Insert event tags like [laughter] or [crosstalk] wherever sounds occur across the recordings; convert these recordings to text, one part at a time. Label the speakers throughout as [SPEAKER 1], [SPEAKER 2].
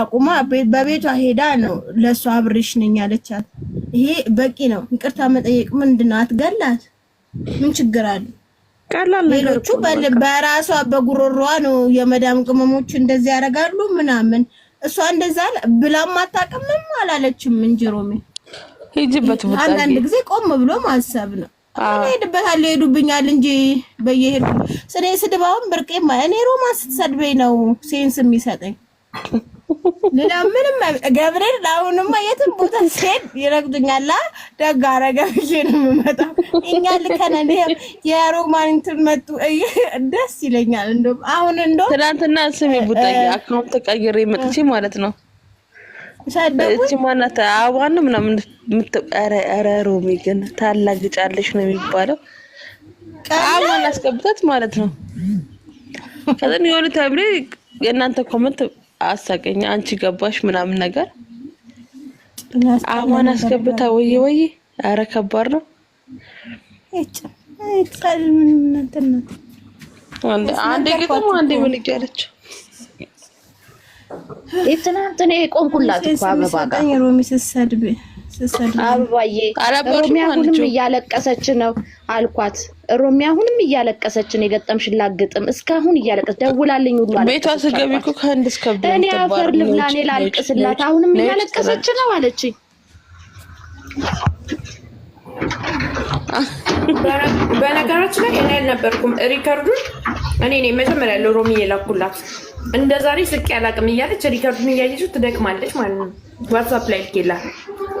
[SPEAKER 1] አቁማ በቤቷ ሄዳ ነው ለእሷ አብሬሽ ነኝ ያለቻት። ይሄ በቂ ነው። ይቅርታ መጠየቅ ምንድን ነው? አትገላት። ምን ችግር አለ? ሌሎቹ በራሷ በጉሮሯ ነው። የመዳም ቅመሞች እንደዚህ ያደርጋሉ ምናምን። እሷ እንደዛ ብላም አታውቅም አላለችም እንጂ
[SPEAKER 2] ሂጅበት። አንዳንድ
[SPEAKER 1] ጊዜ ቆም ብሎ ማሰብ ነው። ሄድበታለሁ ሄዱብኛል እንጂ በየሄዱ ስኔ ስድባውን ብርቄ እኔ ሮማን ስትሰድበኝ ነው ሴንስ የሚሰጠኝ። ሌላ ምንም ገብርኤል አሁንማ የትም ቦታ ስሄድ ይረግዱኛላ። ደግ አደረገ ብዬ ነው የምመጣው። እኛ ልከን እንደ የሮማን እንትን መጡ ደስ ይለኛል። እንደውም አሁን እንደውም
[SPEAKER 2] ትናንትና ስም ቡዳ አካውንት ቀይሬ መጥቼ ማለት ነው እቺ ማናት አበባን ምናምን ኧረ ሮሚ ግን ታላግጫለሽ ነው የሚባለው። አበባን አስገብታት ማለት ነው ከዘን የሆነ ተብሌ የእናንተ ኮመንት አሳቀኝ። አንቺ ገባሽ ምናምን ነገር አማን አስገብታ ወይ ወይ፣ አረ ከባድ ነው። አንዴ ግጥም አንዴ ምን እያለች
[SPEAKER 1] የትናንትን የቆምኩላት
[SPEAKER 2] እኮ አበባ ጋር
[SPEAKER 1] አበባዬ ሮሚያ እያለቀሰች ነው አልኳት። ሮሚያ አሁንም እያለቀሰች ነው። የገጠምሽላት ግጥም እስካሁን እያለቀሰች ደውላልኝ ሁሉ
[SPEAKER 2] ቤቷ ስገቢ እኮ ከአንድ እስከ
[SPEAKER 1] እኔ አፈር ልብላ ላልቅስላት አሁንም እያለቀሰች ነው አለችኝ።
[SPEAKER 3] በነገራችን ላይ እኔ አልነበርኩም ሪከርዱን እኔ እኔ መጀመሪያ ያለው ሮሚ የላኩላት እንደዛሬ ስቄ አላቅም እያለች ሪከርዱን እያየችው ትደቅማለች ማለት ነው። ዋትሳፕ ላይ ልኬላት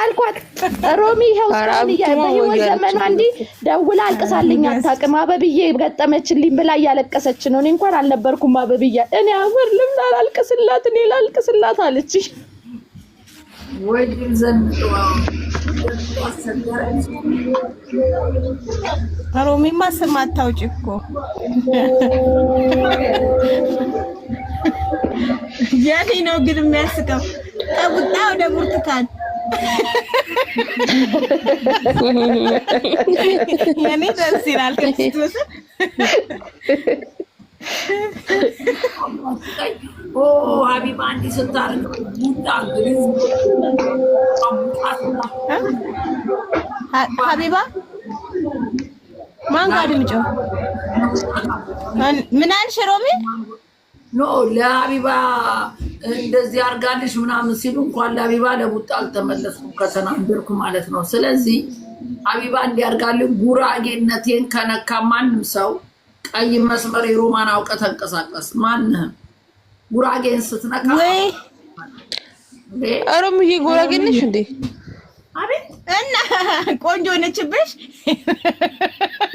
[SPEAKER 1] አልኳት ሮሚ ይኸው ስታልያ በህይወት ዘመኗ አንዲ ደውላ አልቅሳልኝ አታውቅም። አበብዬ ገጠመችልኝ ብላ እያለቀሰች ነው። እኔ እንኳን አልነበርኩም አበብዬ እኔ አፈር ልምላ ላልቅስላት፣ እኔ ላልቅስላት አለች።
[SPEAKER 2] ሮሚማ ስም አታውጭ እኮ
[SPEAKER 1] የኔ ነው ግን የሚያስቀው ከቡጣ ወደ ብርቱካን የኔ ደስ ይላል።
[SPEAKER 3] ሀቢባ እንዲህ ስታርግ
[SPEAKER 1] ሀቢባ ማን ጋር ድምጪው ምን አልሽ ሮሚ?
[SPEAKER 3] ኖ ለአቢባ እንደዚህ አርጋልሽ ምናምን ሲሉ እንኳን ለአቢባ ለቡጣ አልተመለስኩም ከተናገርኩ ማለት ነው። ስለዚህ አቢባ እንዲያርጋልን ጉራጌነቴን ከነካ ማንም ሰው ቀይ መስመር የሮማን አውቀ ተንቀሳቀስ። ማንህም ጉራጌን ስትነካ
[SPEAKER 2] ሮምዬ ጉራጌ እንዴ?
[SPEAKER 3] አቤት
[SPEAKER 1] እና ቆንጆ ነችብሽ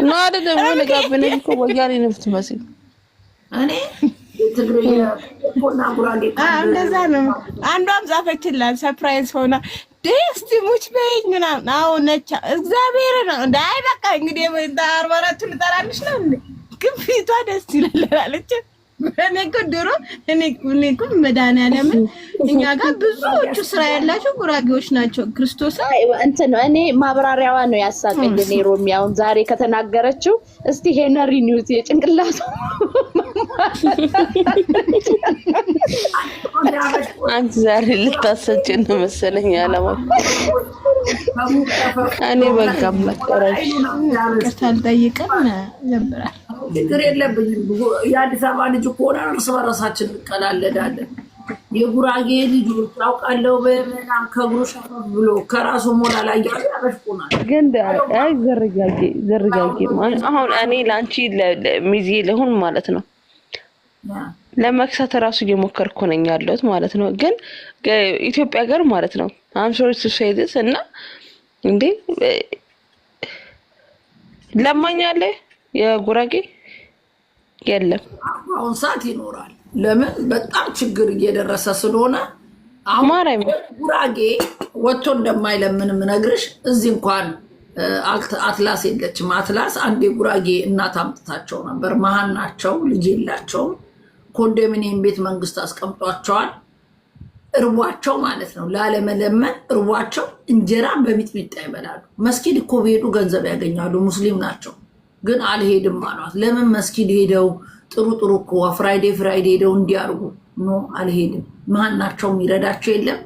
[SPEAKER 2] ነው አደለም? ነጋብነኝ ወያኔ ነው የምትመስል
[SPEAKER 1] እኔ እንደዛ ነው። አንዷም ጻፈችላል ሰፕራይዝ ሆና ደስቲ ሙች በይኝ ምናምን አሁን ነቻ እግዚአብሔር ነው እንደ አይ በቃ እንግዲህ አርባ አራቱ ልጠራልሽ ነው ግን ፊቷ ደስ ይላል አለች። እኔ እኮ ድሮ እኔ እኮ መድኃኒዓለምን እኛ ጋር ብዙዎቹ ስራ ያላቸው ጉራጌዎች ናቸው። ክርስቶስ እንትን እኔ ማብራሪያዋ ነው ያሳቀኝ። እኔ ዛሬ ከተናገረችው እስቲ ሄነሪ የጭንቅላቱ
[SPEAKER 2] [laughs] አንቺ ዛሬ ነው መሰለኝ እኔ መቀረሽ
[SPEAKER 3] ችግር የለብኝም። የአዲስ አበባ ልጅ ከሆነ እርስ በርሳችን እንቀላለዳለን። የጉራጌ ልጅ ታውቃለው፣ በምናም ከእግሩ ሸፈፍ ብሎ ከራሱ ሞላ ላይ ያሉ ያበሽቁናል።
[SPEAKER 2] ግን አይ ዘርጋጌ ዘርጋጌ አሁን እኔ ለአንቺ ሚዜ ልሁን ማለት ነው ለመክሳት ራሱ እየሞከርኩ ነኝ ያለሁት ማለት ነው። ግን ኢትዮጵያ ጋር ማለት ነው አምሶሪ ሱሳይድስ እና እንዴ ለማኛለ የጉራጌ የለም።
[SPEAKER 3] አሁን ሰዓት ይኖራል። ለምን በጣም ችግር እየደረሰ ስለሆነ አሁን ጉራጌ ወጥቶ እንደማይለምን ምነግርሽ። እዚህ እንኳን አትላስ የለችም። አትላስ አንድ የጉራጌ እናት አምጥታቸው ነበር። መሀን ናቸው፣ ልጅ የላቸውም። ኮንዶሚኒየም ቤት መንግስት አስቀምጧቸዋል። እርቧቸው ማለት ነው፣ ላለመለመን እርቧቸው። እንጀራ በሚጥሚጣ ይበላሉ። መስጊድ እኮ ቢሄዱ ገንዘብ ያገኛሉ። ሙስሊም ናቸው። ግን አልሄድም አሏት። ለምን መስጊድ ሄደው ጥሩ ጥሩ እኮ ፍራይዴ ፍራይዴ ሄደው እንዲያርጉ ኖ አልሄድም። ማናቸው የሚረዳቸው የለም።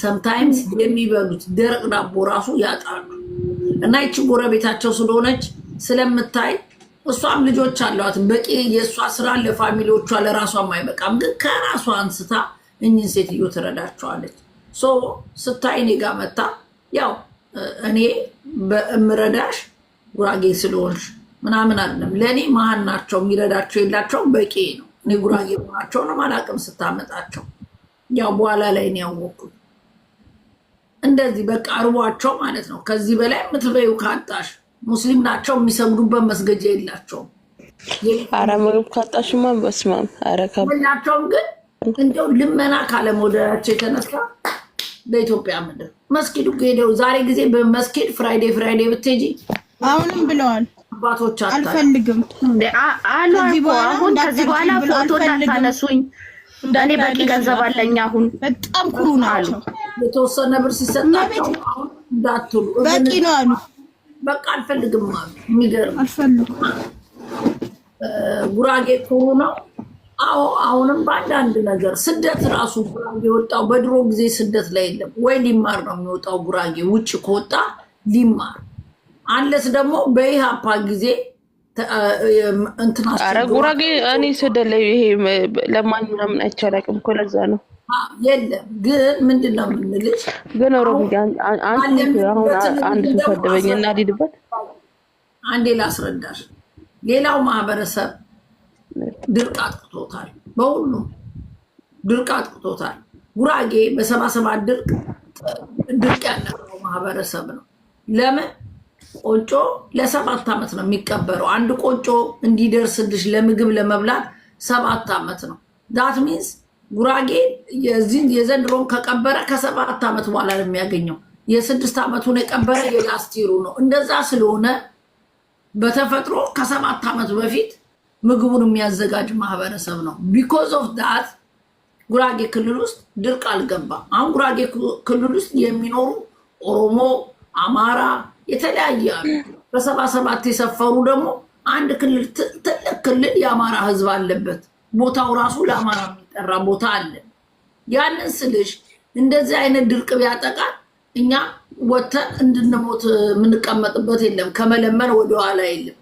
[SPEAKER 3] ሰምታይምስ የሚበሉት ደረቅ ዳቦ ራሱ ያጣሉ። እና ይቺ ጎረቤታቸው ስለሆነች ስለምታይ እሷም ልጆች አለዋት በቂ የእሷ ስራ ለፋሚሊዎቿ ለራሷም አይበቃም። ግን ከራሷ አንስታ እኝን ሴትዮ ትረዳቸዋለች። ስታይ እኔ ጋ መታ ያው እኔ በእምረዳሽ ጉራጌ ስለሆንሽ ምናምን አለም ለእኔ መሀን ናቸው፣ የሚረዳቸው የላቸውም፣ በቂ ነው። እኔ ጉራጌ መሆናቸውን አላውቅም ስታመጣቸው፣ ያው በኋላ ላይ ነው ያወቅኩት። እንደዚህ በቃ አርቧቸው ማለት ነው። ከዚህ በላይ የምትበዩ ካጣሽ ሙስሊም ናቸው፣ የሚሰግዱበት መስገጃ የላቸውም።
[SPEAKER 2] ኧረ ምግብ ካጣሽማ በስመ አብ
[SPEAKER 3] የላቸውም። ግን እንደው ልመና ካለመውደዳቸው የተነሳ በኢትዮጵያ ምድር መስጊዱ ሄደው ዛሬ ጊዜ በመስጊድ ፍራይዴ ፍራይዴ ብትሄጂ
[SPEAKER 1] አሁንም ብለዋል አባቶች አልፈልግም አሉ። አሁን ከዚህ በኋላ ፎቶ እንዳታነሱኝ እኔ በቂ ገንዘብ አለኝ። አሁን በጣም ኩሩ ነው ናቸው።
[SPEAKER 3] የተወሰነ ብር ሲሰጣቸው እንዳትሉ
[SPEAKER 1] በቂ ነው አሉ።
[SPEAKER 3] በቃ አልፈልግም አሉ። የሚገርም አልፈልግም። ጉራጌ ኩሩ ነው። አዎ አሁንም በአንዳንድ ነገር ስደት ራሱ ጉራጌ ወጣው። በድሮ ጊዜ ስደት ላይ የለም ወይ ሊማር ነው የሚወጣው ጉራጌ ውጭ ከወጣ ሊማር አለስ ደግሞ በኢህአፓ ጊዜ
[SPEAKER 2] ኧረ ጉራጌ እኔ ስደለ ይሄ ለማኝ ምናምን አይቻላቅም አላውቅም እኮ ለዛ ነው።
[SPEAKER 3] የለም ግን ምንድን ነው የምንልሽ?
[SPEAKER 2] ግን ኦሮሞ አሁን አንድ ሰደበኝ እና ልሂድበት።
[SPEAKER 3] አንዴ ላስረዳሽ። ሌላው ማህበረሰብ ድርቅ አጥቅቶታል፣ በሁሉም ድርቅ አጥቅቶታል። ጉራጌ በሰባሰባት ድርቅ ድርቅ ያለፈው ማህበረሰብ ነው። ለምን ቆንጮ ለሰባት ዓመት ነው የሚቀበረው። አንድ ቆንጮ እንዲደርስልሽ ለምግብ ለመብላት ሰባት ዓመት ነው። ዳት ሚንስ ጉራጌ የዘንድሮን ከቀበረ ከሰባት ዓመት በኋላ ነው የሚያገኘው። የስድስት ዓመቱን የቀበረ የላስቲሩ ነው። እንደዛ ስለሆነ በተፈጥሮ ከሰባት ዓመት በፊት ምግቡን የሚያዘጋጅ ማህበረሰብ ነው። ቢኮዝ ኦፍ ዳት ጉራጌ ክልል ውስጥ ድርቅ አልገባም። አሁን ጉራጌ ክልል ውስጥ የሚኖሩ ኦሮሞ፣ አማራ የተለያየ አሉ። በሰባ ሰባት የሰፈሩ ደግሞ አንድ ክልል ትልቅ ክልል የአማራ ህዝብ አለበት። ቦታው ራሱ ለአማራ የሚጠራ ቦታ አለ። ያንን ስልሽ እንደዚህ አይነት ድርቅ ቢያጠቃል እኛ ወተን እንድንሞት የምንቀመጥበት የለም። ከመለመን ወደኋላ የለም።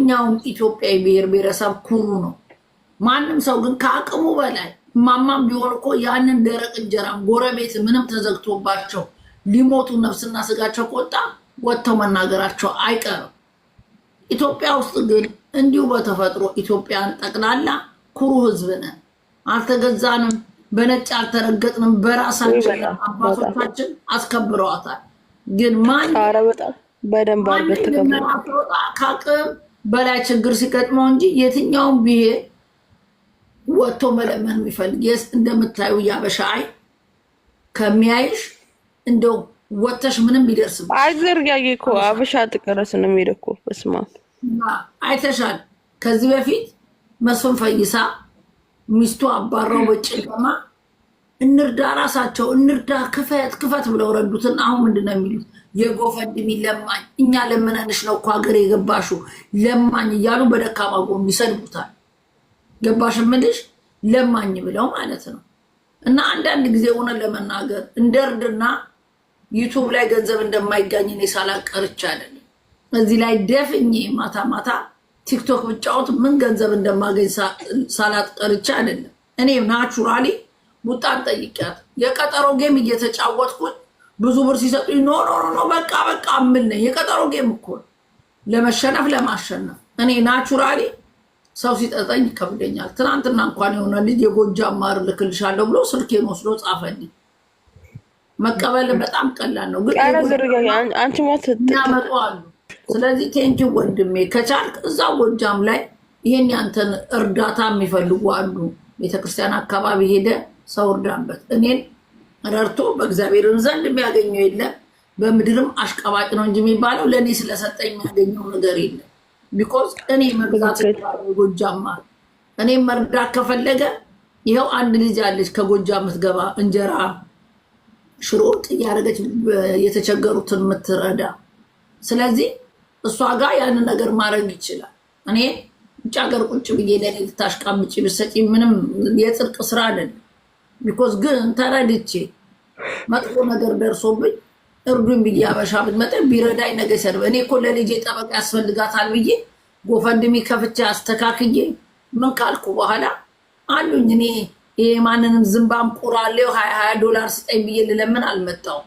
[SPEAKER 3] እኛውም ኢትዮጵያዊ ብሔር ብሔረሰብ ኩሩ ነው። ማንም ሰው ግን ከአቅሙ በላይ ማማም ቢሆን እኮ ያንን ደረቅ እንጀራ ጎረቤት ምንም ተዘግቶባቸው ሊሞቱ ነፍስና ስጋቸው ቆጣ ወጥተው መናገራቸው አይቀርም። ኢትዮጵያ ውስጥ ግን እንዲሁ በተፈጥሮ ኢትዮጵያን ጠቅላላ ኩሩ ህዝብ ነን፣ አልተገዛንም፣ በነጭ አልተረገጥንም። በራሳችን አባቶቻችን አስከብረዋታል።
[SPEAKER 2] ግን ማን በደንብ
[SPEAKER 3] ከአቅም በላይ ችግር ሲገጥመው እንጂ የትኛውም ብሔር ወጥቶ መለመን የሚፈልግ የስ እንደምታዩ ያበሻ አይ ከሚያይሽ እንደው ወተሽ ምንም ይደርስም።
[SPEAKER 2] አዘርጋጌ እኮ አበሻ ጥቀረስ ነው የሚሄደው እኮ በስማ
[SPEAKER 3] አይተሻል። ከዚህ በፊት መስፍን ፈይሳ ሚስቱ አባራው በጭለማ እንርዳ፣ ራሳቸው እንርዳ፣ ክፈት ክፈት ብለው ረዱትን። አሁን ምንድን ነው የሚሉት? የጎፈንድሚ ለማኝ፣ እኛ ለምነንሽ ነው እኮ ሀገር የገባሹ ለማኝ እያሉ በደካማ ጎኑ ይሰድቡታል። ገባሽ ምልሽ ለማኝ ብለው ማለት ነው። እና አንዳንድ ጊዜ ሆነ ለመናገር እንደርድና ዩቱብ ላይ ገንዘብ እንደማይጋኝ እኔ ሳላቅ ቀርቼ አይደለም። እዚህ ላይ ደፍኜ ማታ ማታ ቲክቶክ ብጫወት ምን ገንዘብ እንደማገኝ ሳላት ቀርቻ አይደለም። እኔ ናቹራሊ ቡጣን ጠይቂያት የቀጠሮ ጌም እየተጫወትኩኝ ብዙ ብር ሲሰጡኝ ኖ ኖ ኖ በቃ በቃ ምን ነኝ የቀጠሮ ጌም እኮ ለመሸነፍ ለማሸነፍ። እኔ ናቹራሊ ሰው ሲጠጠኝ ይከብደኛል። ትናንትና እንኳን የሆነ ልጅ የጎጃም ማር ልክልሻለሁ ብሎ ስልኬን ወስዶ ጻፈልኝ። መቀበል በጣም ቀላል ነው፣
[SPEAKER 2] ግን አሉ።
[SPEAKER 3] ስለዚህ ቴንጂ ወንድሜ ከቻልክ እዛ ጎጃም ላይ ይህን ያንተን እርዳታ የሚፈልጉ አሉ። ቤተክርስቲያን አካባቢ ሄደ ሰው እርዳበት። እኔን ረድቶ በእግዚአብሔርም ዘንድ የሚያገኘው የለም በምድርም አሽቀባጭ ነው እንጂ የሚባለው ለእኔ ስለሰጠኝ የሚያገኘው ነገር የለም። ቢኮዝ እኔ መግዛት ጎጃማ እኔ መርዳት ከፈለገ ይኸው አንድ ልጅ አለች ከጎጃ የምትገባ እንጀራ ሽሮ ወጥ እያደረገች የተቸገሩትን የምትረዳ። ስለዚህ እሷ ጋር ያንን ነገር ማድረግ ይችላል። እኔ ውጭ ሀገር ቁጭ ብዬ ለኔ ልታሽቃምጪ ብሰጪ ምንም የጽድቅ ስራ አይደለም። ቢኮዝ ግን ተረድቼ መጥፎ ነገር ደርሶብኝ እርዱኝ ብዬ አበሻ ብትመጠን ቢረዳኝ ነገ ይሰድበ። እኔ እኮ ለልጄ ጠበቃ ያስፈልጋታል ብዬ ጎፈንድሚ ከፍቼ አስተካክዬ ምን ካልኩ በኋላ አሉኝ እኔ ይሄ ማንንም ዝምባም ቁራሌው ሀያ ሀያ ዶላር ስጠኝ ብዬ ልለምን አልመጣውም።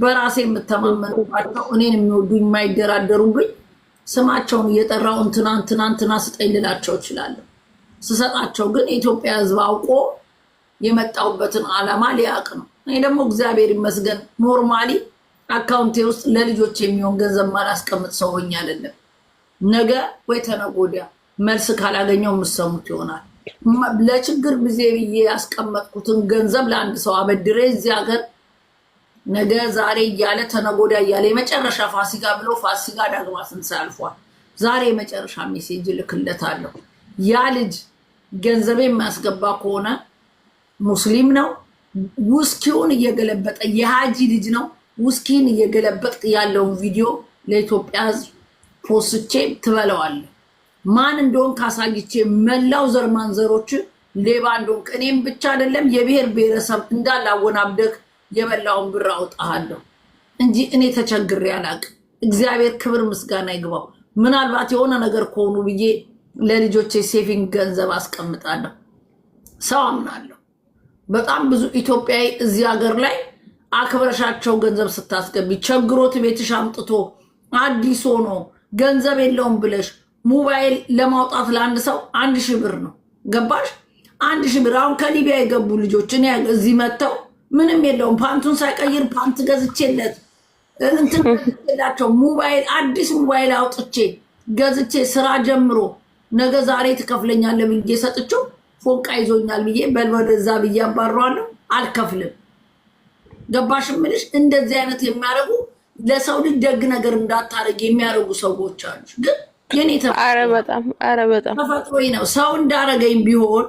[SPEAKER 3] በራሴ የምተማመንባቸው እኔን የሚወዱኝ የማይደራደሩብኝ ስማቸውን እየጠራው እንትና እንትና እንትና ስጠኝ ልላቸው እችላለሁ። ስሰጣቸው ግን የኢትዮጵያ ሕዝብ አውቆ የመጣሁበትን ዓላማ ሊያውቅ ነው። እኔ ደግሞ እግዚአብሔር ይመስገን ኖርማሊ አካውንቴ ውስጥ ለልጆች የሚሆን ገንዘብ ማላስቀምጥ ሰው ሆኜ አይደለም። ነገ ወይ ተነገ መልስ ካላገኘው የምሰሙት ይሆናል። ለችግር ጊዜ ብዬ ያስቀመጥኩትን ገንዘብ ለአንድ ሰው አበድሬ እዚህ ሀገር ነገ ዛሬ እያለ ተነጎዳ እያለ የመጨረሻ ፋሲካ ብሎ ፋሲካ ዳግማ ስንት ዛሬ የመጨረሻ ሜሴጅ እልክለታለሁ። ያ ልጅ ገንዘቤ የሚያስገባ ከሆነ ሙስሊም ነው። ውስኪውን እየገለበጠ የሃጂ ልጅ ነው። ውስኪን እየገለበጥ ያለውን ቪዲዮ ለኢትዮጵያ ሕዝብ ፖስቼ ትበለዋለሁ። ማን እንደሆን ካሳይቼ መላው ዘር ማንዘሮች ሌባ እንደሆን እኔም ብቻ አይደለም የብሔር ብሔረሰብ እንዳላወናብደክ የበላውን ብር አውጣሃለሁ እንጂ እኔ ተቸግሬ አላቅም። እግዚአብሔር ክብር ምስጋና ይግባው። ምናልባት የሆነ ነገር ከሆኑ ብዬ ለልጆቼ ሴቪንግ ገንዘብ አስቀምጣለሁ። ሰው አምናለሁ። በጣም ብዙ ኢትዮጵያዊ እዚህ ሀገር ላይ አክብረሻቸው ገንዘብ ስታስገቢ ቸግሮት ቤትሽ አምጥቶ አዲስ ሆኖ ገንዘብ የለውም ብለሽ ሞባይል ለማውጣት ለአንድ ሰው አንድ ሺህ ብር ነው። ገባሽ? አንድ ሺህ ብር። አሁን ከሊቢያ የገቡ ልጆች እኔ እዚህ መጥተው ምንም የለውም ፓንቱን ሳይቀይር ፓንት ገዝቼለት እንትን ገዝቼላቸው ሞባይል አዲስ ሞባይል አውጥቼ ገዝቼ ስራ ጀምሮ ነገ ዛሬ ትከፍለኛለህ ብዬ ሰጥቼው ፎንቃ ይዞኛል ብዬ በል ብዬ አባረዋለሁ። አልከፍልም። ገባሽ ምልሽ? እንደዚህ አይነት የሚያደርጉ ለሰው ልጅ ደግ ነገር እንዳታደርግ የሚያደርጉ ሰዎች አሉ ግን
[SPEAKER 2] ኧረ በጣም
[SPEAKER 3] ነው። ሰው እንዳረገኝ ቢሆን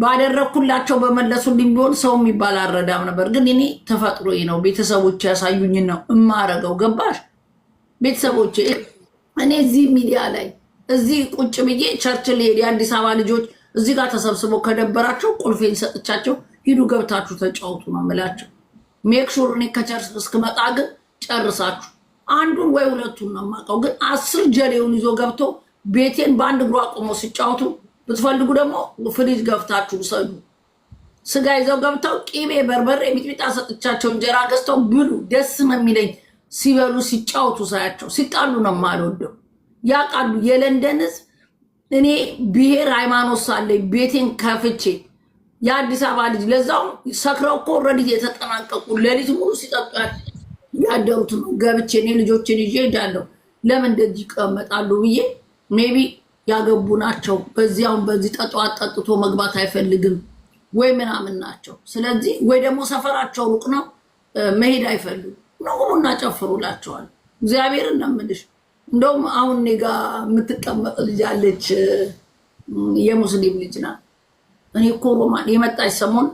[SPEAKER 3] ባደረግኩላቸው በመለሱልኝ ቢሆን ሰው የሚባል አረዳም ነበር። ግን እኔ ተፈጥሮ ነው። ቤተሰቦች ያሳዩኝ ነው እማረገው። ገባሽ? ቤተሰቦች እኔ እዚህ ሚዲያ ላይ እዚህ ቁጭ ብዬ ቸርች ልሄድ የአዲስ አበባ ልጆች እዚህ ጋር ተሰብስበው ከደበራቸው ቁልፌን ሰጥቻቸው ሂዱ ገብታችሁ ተጫወቱ ነው የምላቸው። ሜክሹር እኔ ከቸርች እስክመጣ ግን ጨርሳችሁ አንዱን ወይ ሁለቱን ነው የማውቀው። ግን አስር ጀሌውን ይዞ ገብቶ ቤቴን በአንድ እግሩ አቆሞ ሲጫወቱ ብትፈልጉ ደግሞ ፍሪጅ ገብታችሁ ውሰዱ። ስጋ ይዘው ገብተው ቂቤ፣ በርበሬ፣ ሚጥሚጣ ሰጥቻቸው እንጀራ ገዝተው ብሉ። ደስ ነው የሚለኝ ሲበሉ ሲጫወቱ ሳያቸው። ሲጣሉ ነው የማልወደው። ያውቃሉ የለንደን ህዝብ። እኔ ብሔር ሃይማኖት ሳለኝ ቤቴን ከፍቼ የአዲስ አበባ ልጅ ለዛውም ሰክረው እኮ ረዲ የተጠናቀቁ ሌሊት ሙሉ ሲጠጡ ያደሩት ገብቼ እኔ ልጆችን ይዤ ሄዳለሁ። ለምን እንደዚህ ይቀመጣሉ ብዬ ሜቢ ያገቡ ናቸው። በዚያውን በዚህ ጠጧት ጠጥቶ መግባት አይፈልግም ወይ ምናምን ናቸው። ስለዚህ ወይ ደግሞ ሰፈራቸው ሩቅ ነው መሄድ አይፈልጉም። ነውሩ እናጨፍሩላቸዋል። እግዚአብሔር ነው እንደውም አሁን እኔ ጋ የምትቀመጥ ልጅ አለች፣ የሙስሊም ልጅ ናት። እኔ እኮ ሮማን የመጣች ሰሞን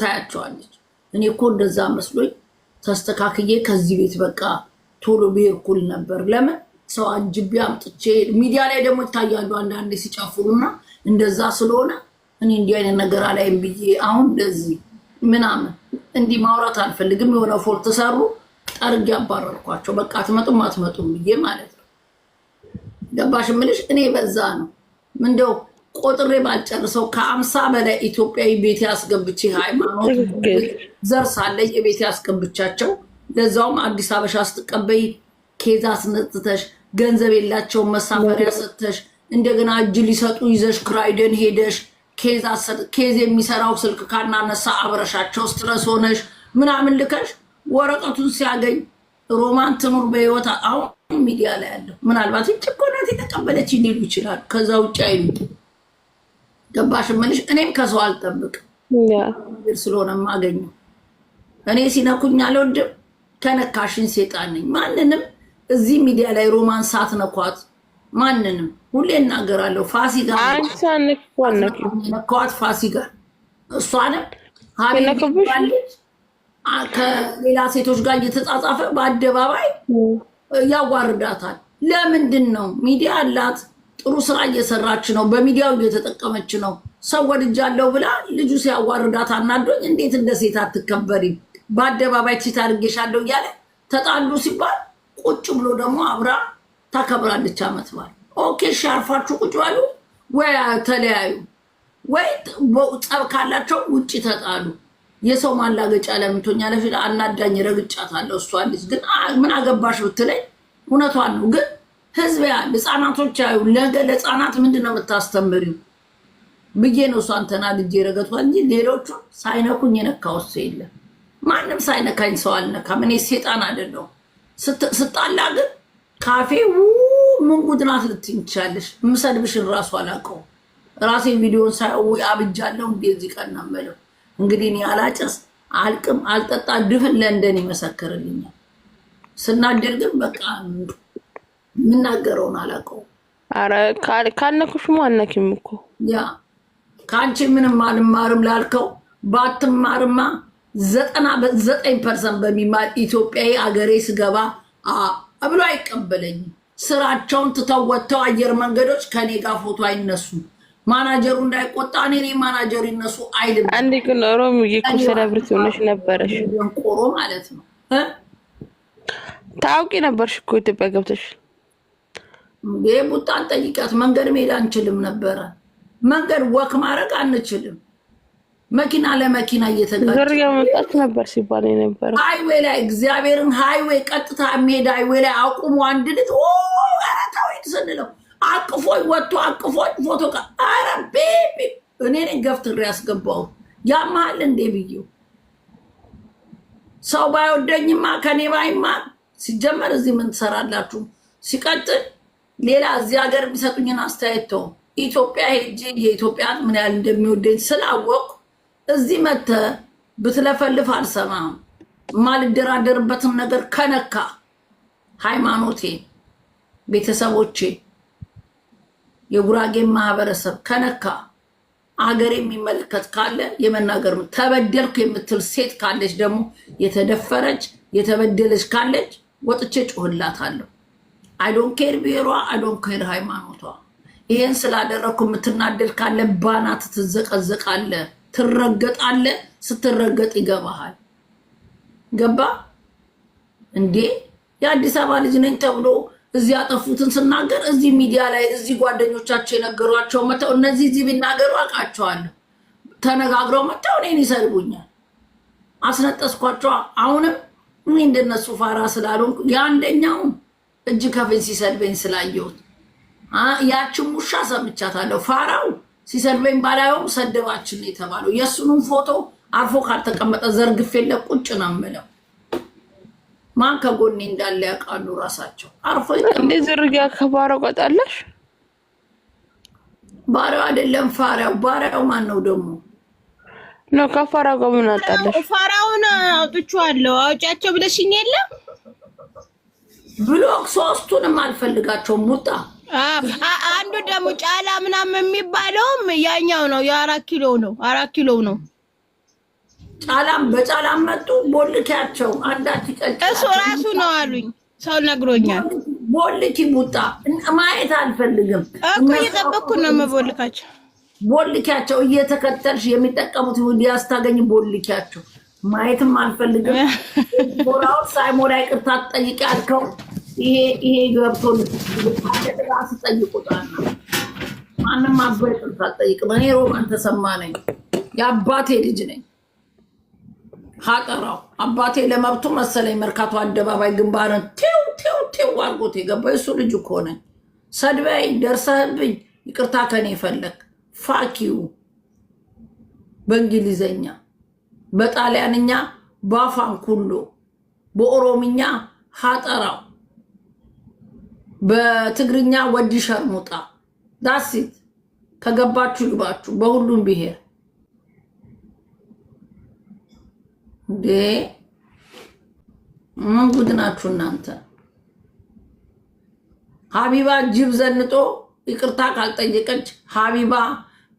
[SPEAKER 3] ታያቸዋለች። እኔ እኮ እንደዛ መስሎኝ ተስተካክዬ ከዚህ ቤት በቃ ቶሎ ብሄድኩል ነበር። ለምን ሰው አጅቤ አምጥቼ ሚዲያ ላይ ደግሞ ይታያሉ አንዳንዴ ሲጨፍሩና እንደዛ ስለሆነ እኔ እንዲህ አይነት ነገር አላይም ብዬ አሁን እንደዚህ ምናምን እንዲህ ማውራት አልፈልግም። የሆነ ፎር ተሰሩ ጠርግ ያባረርኳቸው በቃ አትመጡም አትመጡም ብዬ ማለት ነው። ገባሽ ምልሽ እኔ በዛ ነው እንደው ቆጥሬ ባልጨርሰው ከአምሳ በላይ ኢትዮጵያዊ ቤት ያስገብቼ ሃይማኖት ዘር ሳለኝ የቤት ያስገብቻቸው ለዛውም አዲስ አበሻ ስትቀበይ ኬዛ ስነጥተሽ ገንዘብ የላቸውን መሳፈሪያ ሰጥተሽ እንደገና እጅ ሊሰጡ ይዘሽ ክራይደን ሄደሽ ኬዝ የሚሰራው ስልክ ካናነሳ አብረሻቸው ስትረስ ሆነሽ ምናምን ልከሽ ወረቀቱን ሲያገኝ ሮማን ትኑር በህይወት አሁን ሚዲያ ላይ ያለው ምናልባት ጭቆናት የተቀበለች ሊሉ ይችላል። ከዛ ውጭ አይሉ ገባሽ ምልሽ? እኔም ከሰው አልጠብቅም ስለሆነ የማገኘው እኔ ሲነኩኝ አልወድም። ከነካሽን ሴጣን ነኝ። ማንንም እዚህ ሚዲያ ላይ ሮማን ሳትነኳት ማንንም ሁሌ እናገራለሁ። ፋሲካ ነኳት ፋሲካ እሷንም ከሌላ ሴቶች ጋር እየተጻጻፈ በአደባባይ ያዋርዳታል። ለምንድን ነው ሚዲያ አላት ጥሩ ስራ እየሰራች ነው፣ በሚዲያው እየተጠቀመች ነው፣ ሰው ወድጃለሁ ብላ ልጁ ሲያዋርዳት አናዶኝ፣ እንዴት እንደ ሴት አትከበሪም? በአደባባይ ቺት አድርጌሻለሁ እያለ ተጣሉ ሲባል ቁጭ ብሎ ደግሞ አብራ ታከብራለች። አመት በዓል ኦኬ፣ እሺ አርፋችሁ ቁጭ በሉ ወይ ተለያዩ፣ ወይ ጸብ ካላቸው ውጭ ተጣሉ። የሰው ማላገጫ ለምቶኛ ለፊት አናዳኝ፣ ረግጫታለሁ። እሷ ልጅ ግን ምን አገባሽ ብትለኝ እውነቷን ነው ግን ህዝብ ያህል ህፃናቶች ያዩ ነገ ለህፃናት ምንድን ነው የምታስተምሪው ብዬ ነው ሷንተና ልጅ የረገቷ እንጂ ሌሎቹ ሳይነኩኝ የነካው ሰው የለም። ማንም ሳይነካኝ ሰው አልነካም። እኔ ሴጣን አይደለሁም። ስጣላ ግን ካፌ ው ምን ጉድ ናት ልትይኝ ትችያለሽ። የምሰድብሽን ራሱ አላውቀውም። ራሴ ቪዲዮን ሳይው አብጃለሁ እንዴ እዚህ ቀን ነው የምለው። እንግዲህ እኔ አላጨስ አልቅም አልጠጣ ድፍን ለንደን ይመሰክርልኛል። ስናደድ ግን በቃ የምናገረውን አላውቀውም።
[SPEAKER 2] ካልነኩሽማ አነኪም እኮ
[SPEAKER 3] ያ ከአንቺ ምንም አልማርም ላልከው ባትማርማ ዘጠና ዘጠኝ ፐርሰንት በሚማል ኢትዮጵያዊ አገሬ ስገባ ብሎ አይቀበለኝም። ስራቸውን ትተው ወጥተው አየር መንገዶች ከኔ ጋር ፎቶ አይነሱ ማናጀሩ እንዳይቆጣ እኔ ማናጀሩ ይነሱ አይልም።
[SPEAKER 2] አንዴ ግን ሮሚ ሴሌብሪቲ ሆነሽ ነበረሽ፣
[SPEAKER 3] ቆሮ ማለት ነው።
[SPEAKER 2] ታውቂ ነበርሽ እኮ ኢትዮጵያ ገብተሽ
[SPEAKER 3] የቡጣን ጠይቃት። መንገድ መሄድ አንችልም ነበረ። መንገድ ወክ ማድረግ አንችልም። መኪና ለመኪና እየተጋጨ
[SPEAKER 2] መምጣት ነበር ሲባል
[SPEAKER 3] ላይ እግዚአብሔርን ሀይዌ ቀጥታ የሚሄድ ሃይዌ ላይ አቁሙ። አንድ ልጅ ኧረ ስንለው አቅፎኝ ወጥቶ አቅፎኝ ፎቶ ኧረ ቤቢ እኔ ነኝ ገፍትሬ ያስገባው ያመሃል እንዴ ብዬው ሰው ባይወደኝማ ከኔ ባይማ ሲጀመር እዚህ ምን ትሰራላችሁ? ሲቀጥል ሌላ እዚህ ሀገር የሚሰጡኝን አስተያየቶ ኢትዮጵያ ሄጄ የኢትዮጵያን ምን ያህል እንደሚወደኝ ስላወቅ እዚህ መተ ብትለፈልፍ አልሰማም። ማልደራደርበትን ነገር ከነካ ሃይማኖቴ፣ ቤተሰቦቼ፣ የጉራጌን ማህበረሰብ ከነካ አገር የሚመለከት ካለ የመናገር ተበደልኩ የምትል ሴት ካለች ደግሞ የተደፈረች የተበደለች ካለች ወጥቼ ጮህላታለሁ። አዶንኬር ብሔሯ ኬር ሃይማኖቷ። ይሄን ስላደረግኩ የምትናደድ ካለ ባናት ትዘቀዘቃለ፣ ትረገጣለ። ስትረገጥ ይገባሃል። ገባ እንዴ? የአዲስ አበባ ልጅ ነኝ ተብሎ እዚህ ያጠፉትን ስናገር እዚህ ሚዲያ ላይ እዚህ ጓደኞቻቸው የነገሯቸው መተው እነዚህ እዚህ ቢናገሩ አውቃቸዋለሁ። ተነጋግረው መተው እኔን ይሰድቡኛል። አስነጠስኳቸው። አሁንም እኔ እንደነሱ ፋራ ስላልሆንኩ የአንደኛውም እጅ ከፍን ሲሰድበኝ ስላየሁት ያችን ውሻ ሰምቻታለሁ። ፋራው ሲሰድበኝ ባላየውም ሰደባችን የተባለው የእሱንም ፎቶ አርፎ ካልተቀመጠ ዘርግፌ ለቁጭ ነው የምለው። ማን ከጎኔ እንዳለ ያውቃሉ ራሳቸው። አርፎ
[SPEAKER 2] እንዴ ዝርያ ከባረው ቀጣለሽ?
[SPEAKER 3] ባሪያው አይደለም ፋራው። ባሪያው ማን ነው ደግሞ?
[SPEAKER 2] ነው ከፋራው ጋር ምን አጣለሽ?
[SPEAKER 1] ፋራውን አውጥቼዋለሁ። አውጫቸው ብለሽኝ የለም
[SPEAKER 3] ብሎክ ሶስቱንም አልፈልጋቸውም። ሙጣ
[SPEAKER 1] አንዱ ደግሞ ጫላ ምናምን የሚባለውም ያኛው ነው፣ የአራት ኪሎ ነው። አራት ኪሎ ነው።
[SPEAKER 3] ጫላም በጫላም መጡ ቦልኪያቸው አንዳች
[SPEAKER 1] እሱ ራሱ ነው አሉኝ። ሰው ነግሮኛል።
[SPEAKER 3] ቦልኪ ሙጣ ማየት አልፈልግም
[SPEAKER 1] እኮ እየጠበቅኩ ነው የምቦልካቸው።
[SPEAKER 3] ቦልኪያቸው እየተከተልሽ የሚጠቀሙት ይሁን ሊያስታገኝ ቦልኪያቸው ማየትም አልፈልግም። [laughs] ሞራውን ሳይሞራ ይቅርታ ጠይቅ ያልከው ይሄ ገብቶ ስጠይቅ ቁጥር ማንም አባይ ጥርት አልጠይቅም። እኔ ሮማን ተሰማ ነኝ፣ የአባቴ ልጅ ነኝ። ሀጠራው አባቴ ለመብቱ መሰለኝ መርካቶ አደባባይ ግንባርን ቴው ቴው ቴው አድርጎት የገባ እሱ ልጅ እኮ ነኝ። ሰድበኝ፣ ደርሰህብኝ፣ ይቅርታ ከኔ ፈለግ ፋኪው በእንግሊዘኛ በጣሊያንኛ ባፋን ኩሎ በኦሮምኛ ሀጠራው በትግርኛ ወዲ ሸርሙጣ ዳሲት ከገባችሁ ይግባችሁ። በሁሉም ብሄር እንዴ ምን ጉድ ናችሁ እናንተ? ሀቢባ ጅብ ዘንጦ ይቅርታ ካልጠየቀች ሀቢባ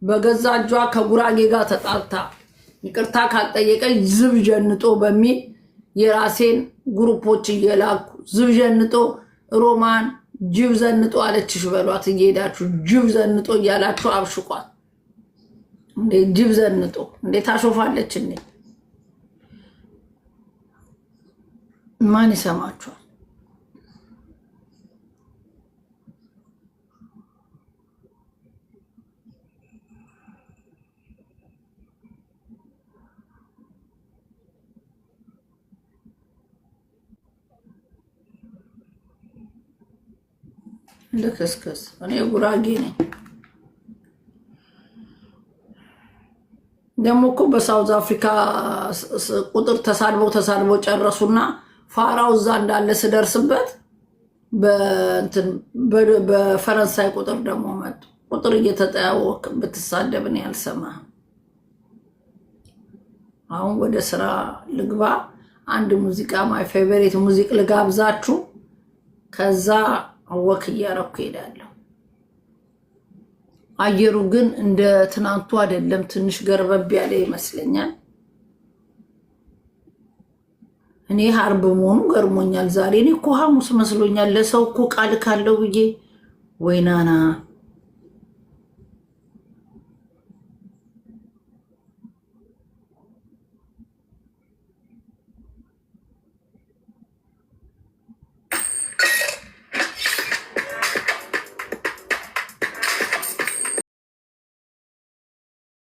[SPEAKER 3] በገዛ እጇ ከጉራጌ ጋር ተጣልታ ይቅርታ ካልጠየቀች ዝብ ጀንጦ በሚል የራሴን ግሩፖች እየላኩ ዝብ ጀንጦ ሮማን ጅብ ዘንጦ አለችሽ በሏት። እየሄዳችሁ ጅብ ዘንጦ እያላችሁ አብሽቋል እንዴ ጅብ ዘንጦ እንዴ ታሾፋለች እንዴ! ማን ይሰማችኋል? ልክስክስ እኔ ጉራጌ ነኝ። ደግሞ እኮ በሳውዝ አፍሪካ ቁጥር ተሳድበው ተሳድበው ጨረሱና ፋራው እዛ እንዳለ ስደርስበት በፈረንሳይ ቁጥር ደግሞ መጡ። ቁጥር እየተጠያወቅ ብትሳደብን ያልሰማ አሁን ወደ ስራ ልግባ። አንድ ሙዚቃ ማይ ፌቨሬት ሙዚቅ ልጋብዛችሁ ከዛ ወክ እያረኩ ሄዳለሁ። አየሩ ግን እንደ ትናንቱ አይደለም፣ ትንሽ ገርበብ ያለ ይመስለኛል። እኔ አርብ መሆኑ ገርሞኛል ዛሬ። እኔ እኮ ሐሙስ መስሎኛል። ለሰው እኮ ቃል ካለው ብዬ ወይናና